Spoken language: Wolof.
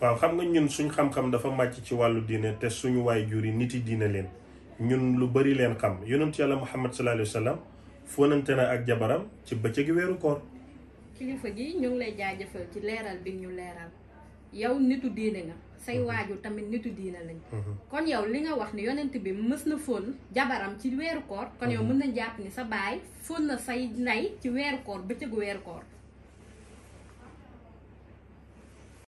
waaw xam nga ñun suñ xam-xam dafa màcc ci wàllu diine te suñu waay jur yi nit yi diine leen ñun lu bari leen xam yonent yàlla muhammad sallallahu alayhi wa sallam fóonante na ak jabaram ci bëccëg weeru koor. kilifa gi ñu ngi lay jaajëfal ci leeral bi ñu leeral yow nitu diine nga say mhm. tamit nitu diine lañ. Mhm. kon yow li nga wax ni yonent bi mës na fóon jabaram ci weeru koor. kon yow mhm. mën na jàpp ni sa baay fóon na say nay ci weeru koor bëccëgu weeru koor.